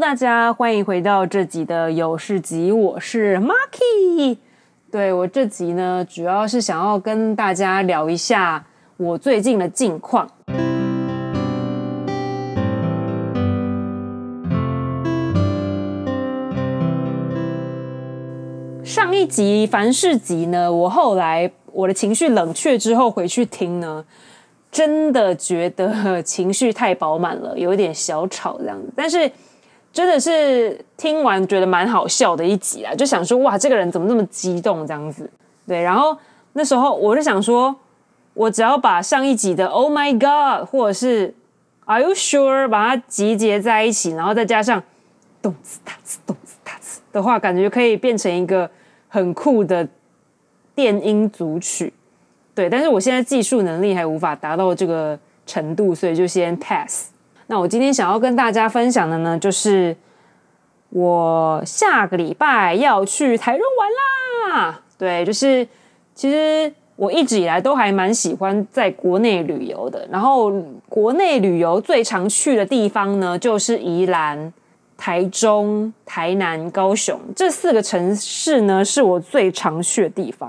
大家歡迎回到這集的有事集，我是 Marky。對，我這集呢，主要是想要跟大家聊一下我最近的近況。上一集凡事集呢，我後來我的情緒冷卻之後回去聽呢，真的覺得情緒太飽滿了，有點小吵這樣子，但是。真的是聽完覺得蠻好笑的一集啦，就想說哇，這個人怎麼那麼激動這樣子？對，然後那時候我就想說，我只要把上一集的 “Oh my God” 或者是 “Are you sure” 把它集結在一起，然後再加上“動次打次動次打次”的話，感覺可以變成一個很酷的電音組曲。對，但是我現在技術能力還無法達到這個程度，所以就先 pass。那我今天想要跟大家分享的呢，就是我下個禮拜要去台中玩啦。對，就是其實我一直以來都還蠻喜歡在國內旅遊的。然後國內旅遊最常去的地方呢，就是宜蘭、台中、台南、高雄這四個城市呢，是我最常去的地方。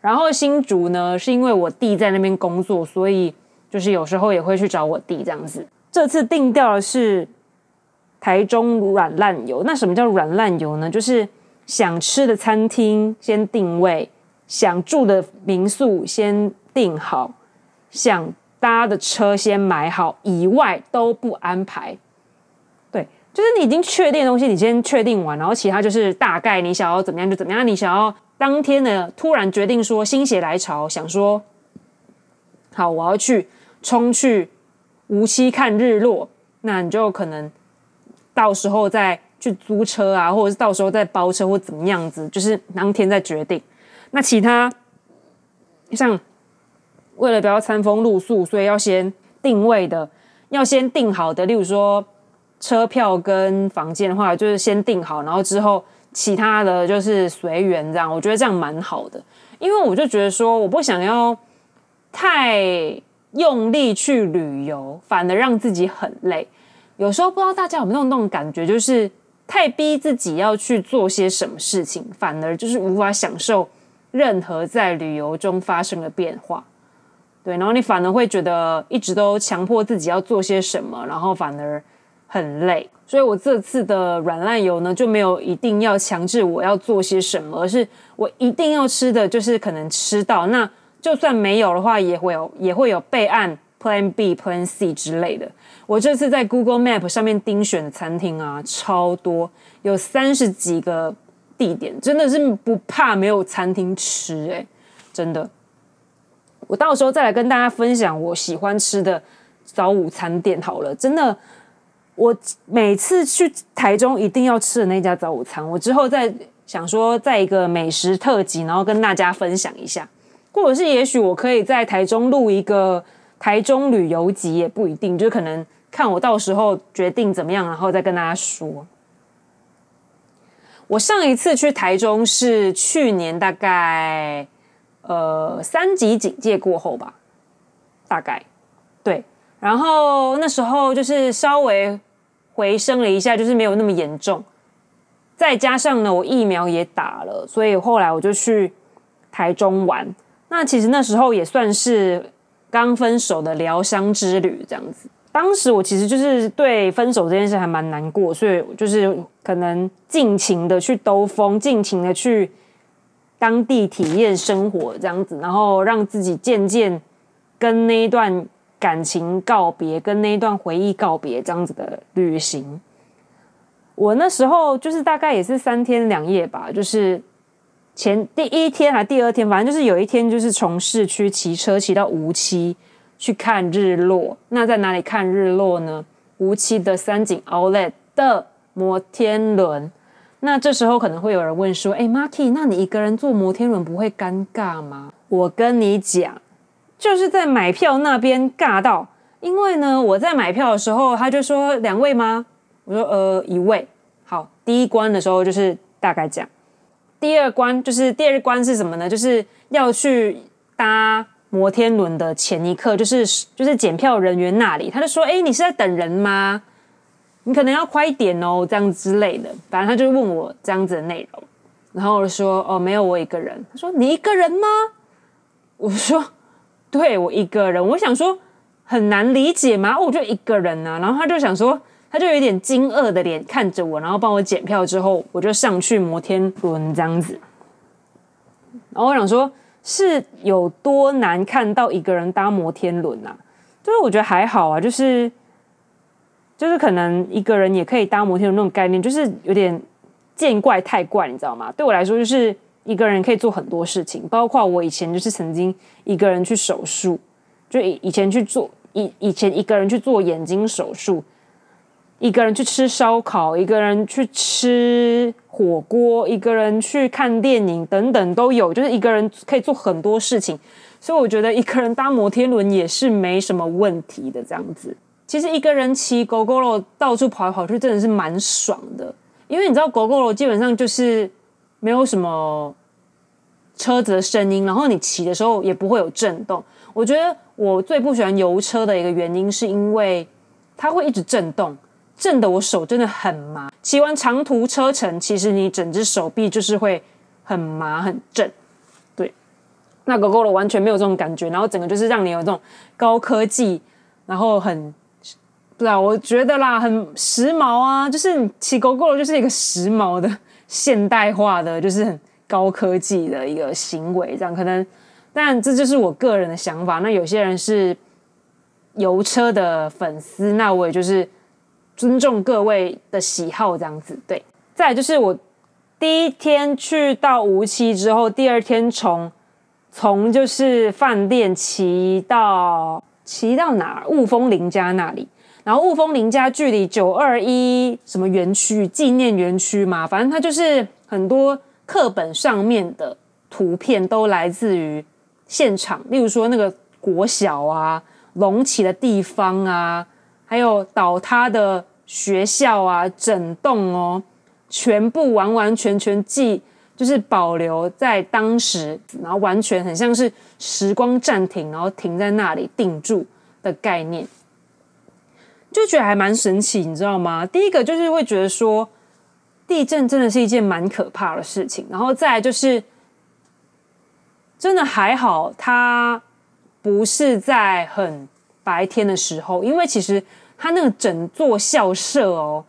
然後新竹呢，是因為我弟在那邊工作，所以就是有時候也會去找我弟這樣子。這次定調的是台中軟爛遊。那什麼叫軟爛遊呢？就是想吃的餐廳先訂位，想住的民宿先訂好，想搭的車先買好，以外都不安排。對，就是你已經確定的東西，你先確定完，然後其他就是大概你想要怎麼樣就怎麼樣。你想要當天的突然決定說心血來潮想說，好，我要去衝去無期看日落，那你就可能到時候再去租車啊，或者是到時候再包車或怎麼樣子，就是當天再決定。那其他像為了不要餐風露宿，所以要先定位的，要先定好的，例如說車票跟房間的話，就是先定好，然後之後其他的就是隨緣這樣。我覺得這樣蠻好的，因為我就覺得說，我不想要太。用力去旅遊，反而讓自己很累。有時候不知道大家有沒有那種感覺，就是太逼自己要去做些什麼事情，反而就是無法享受任何在旅遊中發生的變化。對，然後你反而會覺得一直都強迫自己要做些什麼，然後反而很累。所以我這次的軟爛遊呢，就沒有一定要強制我要做些什麼，而是我一定要吃的就是可能吃到那。就算沒有的話，也會有也會有備案 Plan B Plan C 之類的。我這次在 Google Map 上面釘選的餐廳啊，超多，有三十幾個地點，真的是不怕沒有餐廳吃誒、欸，真的。我到時候再來跟大家分享我喜歡吃的早午餐店好了，真的。我每次去台中一定要吃的那家早午餐，我之後再想說在一個美食特輯，然後跟大家分享一下。或者是，也許我可以在台中錄一個台中旅遊集也不一定，就可能看我到時候決定怎麼樣，然後再跟大家說。我上一次去台中是去年大概呃三級警戒過後吧，大概對，然後那時候就是稍微回升了一下，就是沒有那麼嚴重，再加上呢我疫苗也打了，所以後來我就去台中玩。那其實那時候也算是剛分手的療傷之旅，這樣子。當時我其實就是對分手這件事還蠻難過，所以就是可能盡情的去兜風，盡情的去當地體驗生活，這樣子，然後讓自己漸漸跟那一段感情告別，跟那一段回憶告別，這樣子的旅行。我那時候就是大概也是三天兩夜吧，就是。前第一天還第二天，反正就是有一天，就是從市區騎車騎到梧棲去看日落。那在哪裡看日落呢？梧棲的三井 Outlet 的摩天輪。那這時候可能會有人問說：“哎、欸、，Marky，那你一個人坐摩天輪不會尷尬嗎？”我跟你講，就是在買票那邊尬到，因為呢，我在買票的時候他就說：“兩位嗎？”我說：“呃，一位。”好，第一關的時候就是大概講第二關就是第二關，是什麼呢？就是要去搭摩天輪的前一刻，就是就是檢票人員那裡，他就說：“哎，你是在等人嗎？你可能要快一點哦，這樣之類的。”反正他就問我這樣子的內容，然後我說：“哦，沒有我一個人。”他說：“你一個人嗎？”我說：“對，我一個人。”我想說很難理解嗎？我就一個人啊，然後他就想說。他就有點驚愕的臉看着我，然後幫我檢票之後，我就上去摩天輪這樣子。然後我想說，是有多難看到一個人搭摩天輪啊？就是我覺得還好啊，就是就是可能一個人也可以搭摩天輪那種概念，就是有點見怪太怪，你知道嗎？對我來說，就是一個人可以做很多事情，包括我以前就是曾經一個人去手術，就以，以前去做，以，以前一個人去做眼睛手術。一個人去吃燒烤，一個人去吃火鍋，一個人去看電影，等等都有，就是一個人可以做很多事情，所以我覺得一個人搭摩天輪也是沒什麼問題的。這樣子，其實一個人騎狗狗 o 到處跑來跑去，真的是蠻爽的，因為你知道狗狗 o 基本上就是沒有什麼車子的聲音，然後你騎的時候也不會有震動。我覺得我最不喜歡油車的一個原因，是因為它會一直震動。震的我手真的很麻，騎完長途車程，其實你整隻手臂就是會很麻很震，對。那 Gogoro 完全沒有這種感覺，然後整個就是讓你有這種高科技，然後很，對啊，我覺得啦，很時髦啊，就是起騎 Gogoro 就是一個時髦的現代化的，就是很高科技的一個行為，這樣可能。但這就是我個人的想法。那有些人是油車的粉絲，那我也就是。尊重各位的喜好，這樣子對。再來，就是我第一天去到無錫之後，第二天從從就是飯店騎到騎到哪兒？霧峰林家那裡。然後霧峰林家距離九二一什麼園區紀念園區嘛，反正它就是很多課本上面的圖片都來自於現場，例如說那個國小啊、隆起的地方啊，還有倒塌的。學校啊，整棟哦，全部完完全全記，就是保留在當時，然後完全很像是時光暫停，然後停在那裡定住的概念，就覺得還蠻神奇，你知道嗎？第一個就是會覺得說，地震真的是一件蠻可怕的事情，然後再來就是，真的還好，它不是在很白天的時候，因為其實。它那個整座校舍哦，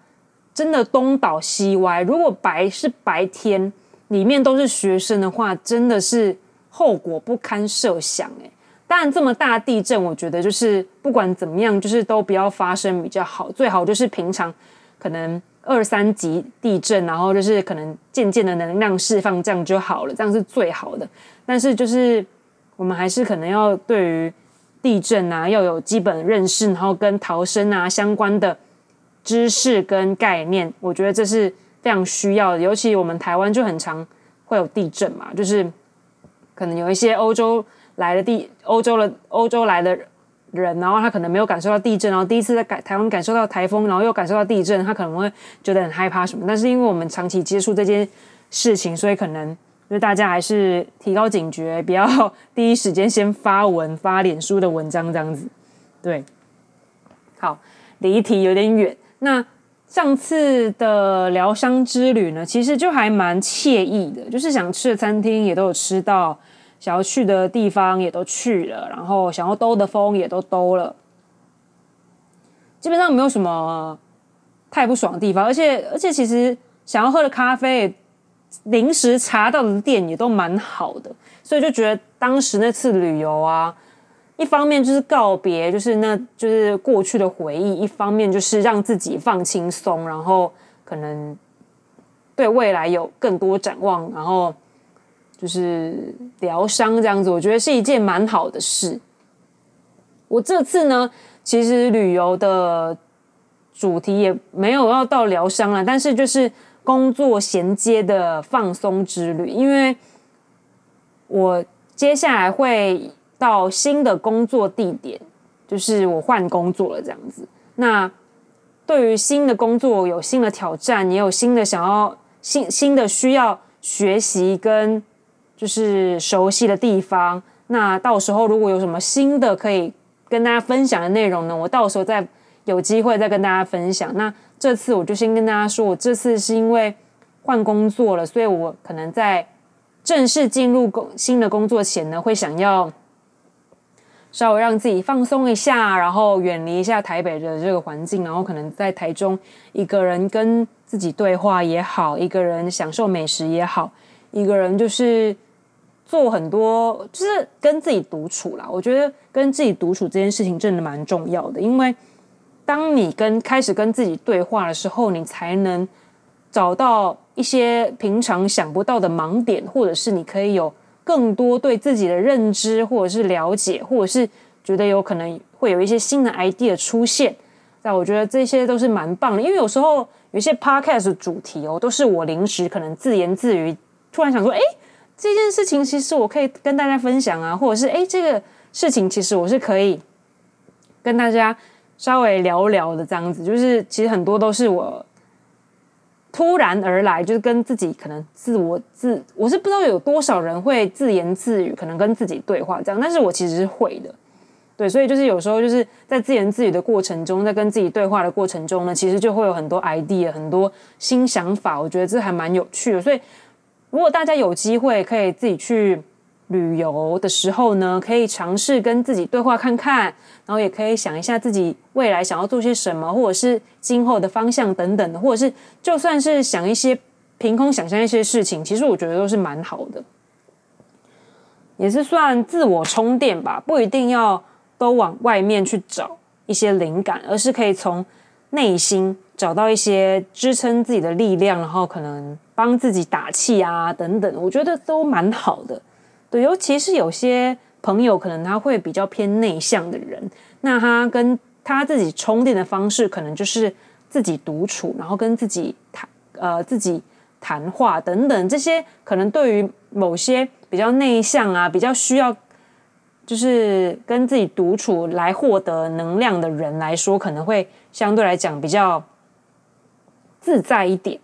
真的東倒西歪。如果白是白天，裡面都是學生的話，真的是後果不堪設想誒，當然，這麼大地震，我覺得就是不管怎麼樣，就是都不要發生比較好。最好就是平常可能二三級地震，然後就是可能漸漸的能量釋放，這樣就好了，這樣是最好的。但是就是我們還是可能要對於。地震啊，要有基本的認識，然後跟逃生啊相關的知識跟概念，我覺得這是非常需要的。尤其我們台灣就很常會有地震嘛，就是可能有一些歐洲來的地、歐洲的歐洲來的人，然後他可能沒有感受到地震，然後第一次在台台灣感受到台風，然後又感受到地震，他可能會覺得很害怕什麼。但是因為我們長期接觸這件事情，所以可能。就大家還是提高警覺，不要第一時間先發文、發臉書的文章這樣子。對，好，離題有點遠。那上次的療傷之旅呢，其實就還蠻愜意的。就是想吃的餐廳也都有吃到，想要去的地方也都去了，然後想要兜的風也都兜了。基本上沒有什麼太不爽的地方，而且而且其實想要喝的咖啡。臨時查到的店也都蠻好的，所以就覺得當時那次旅遊啊，一方面就是告別，就是那就是過去的回憶；一方面就是讓自己放輕鬆，然後可能對未來有更多展望，然後就是療傷這樣子。我覺得是一件蠻好的事。我這次呢，其實旅遊的主題也沒有要到療傷了，但是就是。工作銜接的放鬆之旅，因為我接下來會到新的工作地點，就是我換工作了這樣子。那對於新的工作有新的挑戰，也有新的想要新新的需要學習跟就是熟悉的地方。那到時候如果有什麼新的可以跟大家分享的內容呢，我到時候再。有機會再跟大家分享。那這次我就先跟大家說，我這次是因為換工作了，所以我可能在正式進入工新的工作前呢，會想要稍微讓自己放鬆一下，然後遠離一下台北的這個環境，然後可能在台中一個人跟自己對話也好，一個人享受美食也好，一個人就是做很多，就是跟自己獨處啦。我覺得跟自己獨處這件事情真的蠻重要的，因為，當你跟開始跟自己對話的時候，你才能找到一些平常想不到的盲點，或者是你可以有更多對自己的認知，或者是了解，或者是覺得有可能會有一些新的 idea 出現。那我覺得這些都是蠻棒的，因為有時候有些 podcast 主題哦，都是我臨時可能自言自語，突然想說，哎，這件事情其實我可以跟大家分享啊，或者是哎，這個事情其實我是可以跟大家。稍微聊聊的這樣子，就是其實很多都是我突然而來，就是跟自己可能自我自，我是不知道有多少人會自言自語，可能跟自己對話這樣，但是我其實是會的，對，所以就是有時候就是在自言自語的過程中，在跟自己對話的過程中呢，其實就會有很多 idea，很多新想法，我覺得這還蠻有趣的。所以如果大家有機會，可以自己去。旅遊的時候呢，可以嘗試跟自己對話看看，然後也可以想一下自己未來想要做些什麼，或者是今後的方向等等的，或者是就算是想一些憑空想象一些事情，其實我覺得都是蠻好的。也是算自我充電吧，不一定要都往外面去找一些靈感，而是可以從內心找到一些支撐自己的力量，然後可能幫自己打氣啊等等，我覺得都蠻好的。對，尤其是有些朋友，可能他會比較偏內向的人，那他跟他自己充電的方式，可能就是自己獨處，然後跟自己談，呃，自己談話等等，這些可能對於某些比較內向啊，比較需要就是跟自己獨處來獲得能量的人來說，可能會相對來講比較自在一點。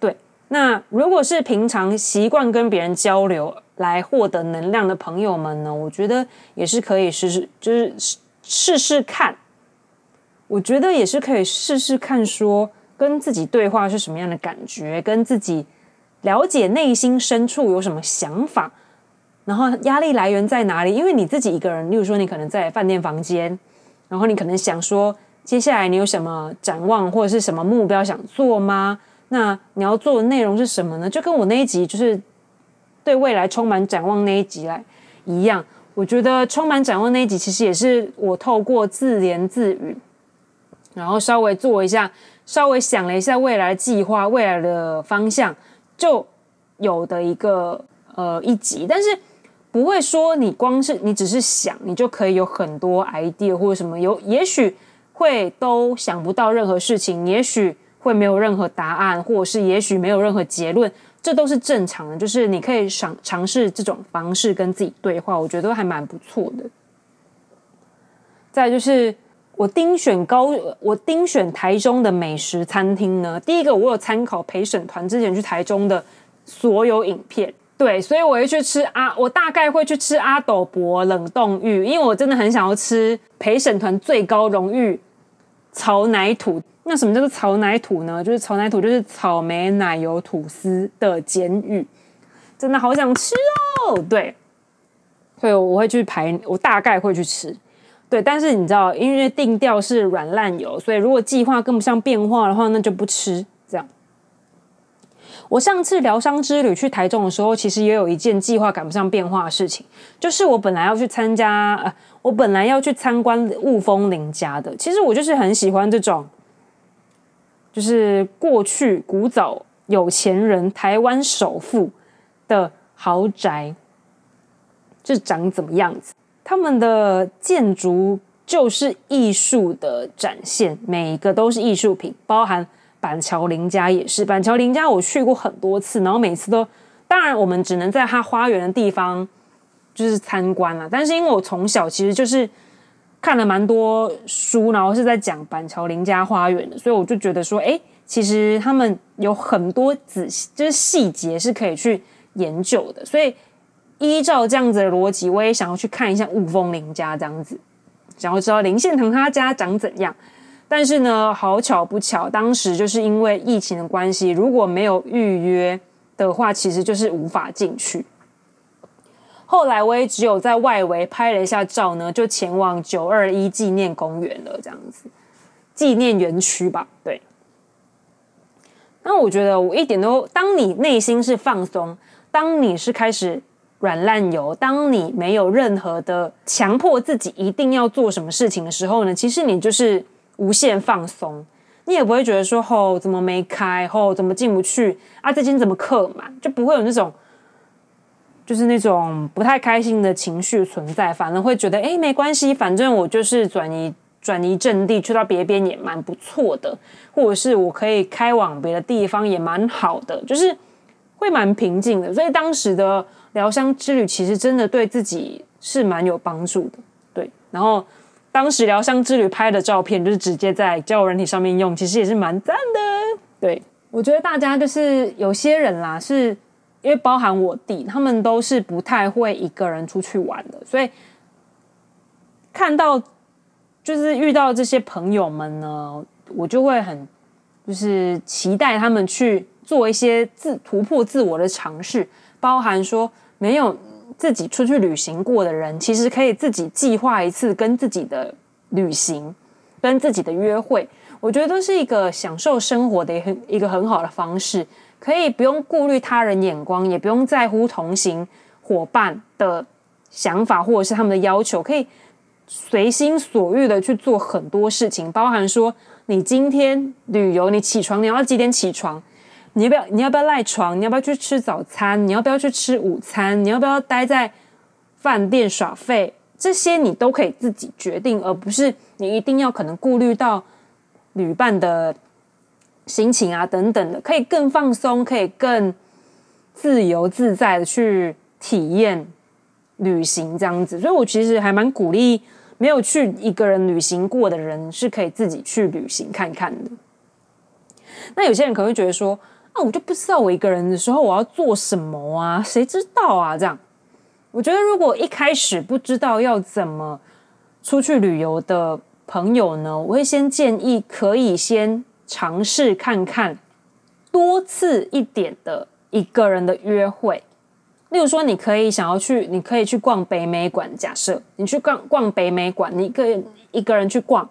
對，那如果是平常習慣跟別人交流。來獲得能量的朋友們呢，我覺得也是可以試試，就是試試看。我覺得也是可以試試看說，說跟自己對話是什麼樣的感覺，跟自己了解內心深處有什麼想法，然後壓力來源在哪裡？因為你自己一個人，例如說你可能在飯店房間，然後你可能想說，接下來你有什麼展望或者是什麼目標想做嗎？那你要做的內容是什麼呢？就跟我那一集就是。對未來充滿展望那一集來一樣，我覺得充滿展望那一集其實也是我透過自言自語，然後稍微做一下，稍微想了一下未來的計劃、未來的方向，就有的一個呃一集。但是不會說你光是你只是想，你就可以有很多 idea 或者什麼有，也許會都想不到任何事情，也許會沒有任何答案，或者是也許沒有任何結論。這都是正常的，就是你可以嘗嘗試這種方式跟自己對話，我覺得還蠻不錯的。再來就是我丁選高，我丁選台中的美食餐廳呢。第一個我有參考陪審團之前去台中的所有影片，對，所以我會去吃阿，我大概會去吃阿斗伯冷凍芋，因為我真的很想要吃陪審團最高榮譽草奶土。那什麼叫做草奶吐呢？就是草奶吐，就是草莓奶油吐司的簡語。真的好想吃哦！對，所以我，我會去排，我大概會去吃。對，但是你知道，因為定調是軟爛遊，所以如果計劃跟不上變化的話，那就不吃。這樣。我上次療傷之旅去台中的時候，其實也有一件計劃趕不上變化的事情，就是我本來要去參加，呃，我本來要去參觀霧峰林家的。其實我就是很喜歡這種。就是過去古早有錢人、台灣首富的豪宅，這長怎麼樣子？他們的建築就是藝術的展現，每一個都是藝術品，包含板橋林家也是。板橋林家我去過很多次，然後每次都，當然我們只能在他花園的地方就是參觀了、啊。但是因為我從小其實就是。看了蠻多書，然後是在講板橋林家花園的，所以我就覺得說，誒、欸、其實他們有很多仔細就是細節是可以去研究的。所以依照這樣子的邏輯，我也想要去看一下霧峰林家這樣子，想要知道林獻堂他家長怎樣。但是呢，好巧不巧，當時就是因為疫情的關係，如果沒有預約的話，其實就是無法進去。後來我也只有在外圍拍了一下照呢，就前往九二一紀念公園了，這樣子紀念園區吧。對。那我覺得，我一點都，當你內心是放鬆，當你是開始軟爛遊，當你沒有任何的強迫自己一定要做什麼事情的時候呢，其實你就是無限放鬆，你也不會覺得說吼、哦、怎麼沒開，吼、哦、怎麼進不去啊，這間怎麼客滿，就不會有那種。就是那種不太開心的情緒存在，反而會覺得哎、欸，沒關係，反正我就是轉移轉移陣地，去到別邊也蠻不錯的，或者是我可以開往別的地方也蠻好的，就是會蠻平靜的。所以當時的療傷之旅其實真的對自己是蠻有幫助的。對，然後當時療傷之旅拍的照片，就是直接在交友軟體上面用，其實也是蠻讚的。對，我覺得大家就是有些人啦，是，因為包含我弟，他們都是不太會一個人出去玩的，所以看到就是遇到這些朋友們呢，我就會很就是期待他們去做一些自突破自我的嘗試。包含說沒有自己出去旅行過的人，其實可以自己計劃一次跟自己的旅行，跟自己的約會，我覺得都是一個享受生活的一個一個很好的方式。可以不用顧慮他人眼光，也不用在乎同行夥伴的想法或者是他們的要求，可以隨心所欲的去做很多事情，包含說你今天旅遊，你起床你要幾點起床，你要不要你要不要賴床，你要不要去吃早餐，你要不要去吃午餐，你要不要待在飯店耍廢，這些你都可以自己決定，而不是你一定要可能顧慮到旅伴的。心情啊，等等的，可以更放鬆，可以更自由自在的去體驗旅行，這樣子。所以我其實還蠻鼓勵沒有去一個人旅行過的人，是可以自己去旅行看看的。那有些人可能會覺得說：“啊，我就不知道我一個人的時候我要做什麼啊？誰知道啊？”這樣，我覺得如果一開始不知道要怎麼出去旅遊的朋友呢，我會先建議可以先。嘗試看看多次一點的一個人的約會，例如說，你可以想要去，你可以去逛北美館。假設你去逛逛北美館，你一個你一個人去逛，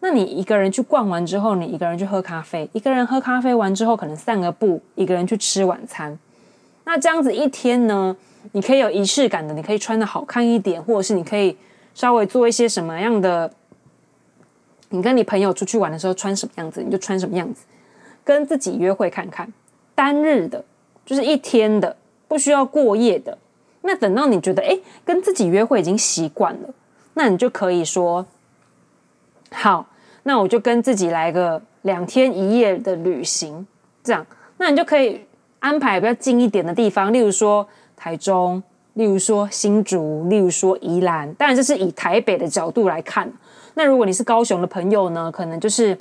那你一個人去逛完之後，你一個人去喝咖啡，一個人喝咖啡完之後，可能散個步，一個人去吃晚餐。那這樣子一天呢，你可以有儀式感的，你可以穿得好看一點，或者是你可以稍微做一些什麼樣的。你跟你朋友出去玩的時候穿什麼樣子，你就穿什麼樣子。跟自己約會看看，單日的，就是一天的，不需要過夜的。那等到你覺得，哎，跟自己約會已經習慣了，那你就可以說，好，那我就跟自己來個兩天一夜的旅行，這樣，那你就可以安排比較近一點的地方，例如說台中，例如說新竹，例如說宜蘭。當然這是以台北的角度來看。那如果你是高雄的朋友呢，可能就是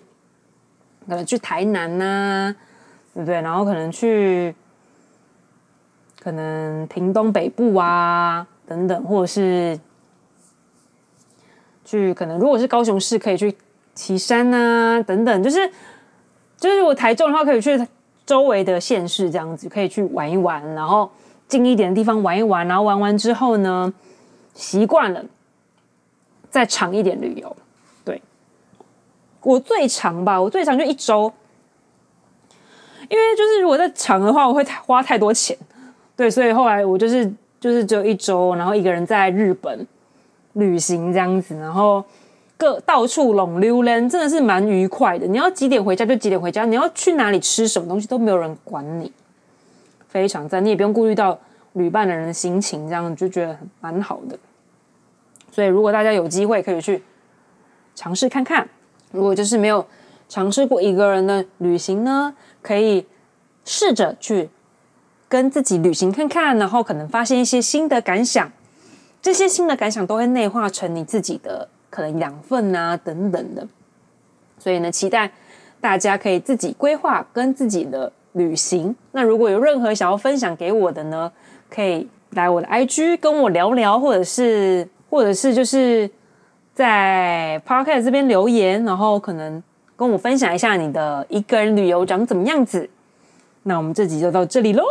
可能去台南吶、啊，對不對？然後可能去可能屏東北部啊，等等，或者是去可能如果是高雄市，可以去旗山啊，等等，就是就是如果台中的話，可以去周圍的縣市這樣子，可以去玩一玩，然後近一點的地方玩一玩，然後玩完之後呢，習慣了。再長一點旅遊，對，我最長吧，我最長就一周，因為就是如果再長的話，我會太花太多錢，對，所以後來我就是就是只有一周，然後一個人在日本旅行這樣子，然後各到處攏溜來，真的是蠻愉快的。你要幾點回家就幾點回家，你要去哪裡吃什麼東西都沒有人管你，非常讚，你也不用顧慮到旅伴的人的心情，這樣就覺得蠻好的。所以，如果大家有機會可以去嘗試看看，如果就是沒有嘗試過一個人的旅行呢，可以試着去跟自己旅行看看，然後可能發現一些新的感想，這些新的感想都會內化成你自己的可能養分啊等等的。所以呢，期待大家可以自己規劃跟自己的旅行。那如果有任何想要分享給我的呢，可以來我的 IG 跟我聊聊，或者是。或者是，就是在 podcast 這邊留言，然後可能跟我分享一下你的一個人旅遊長怎麼樣子。那我們這集就到這裡嘍。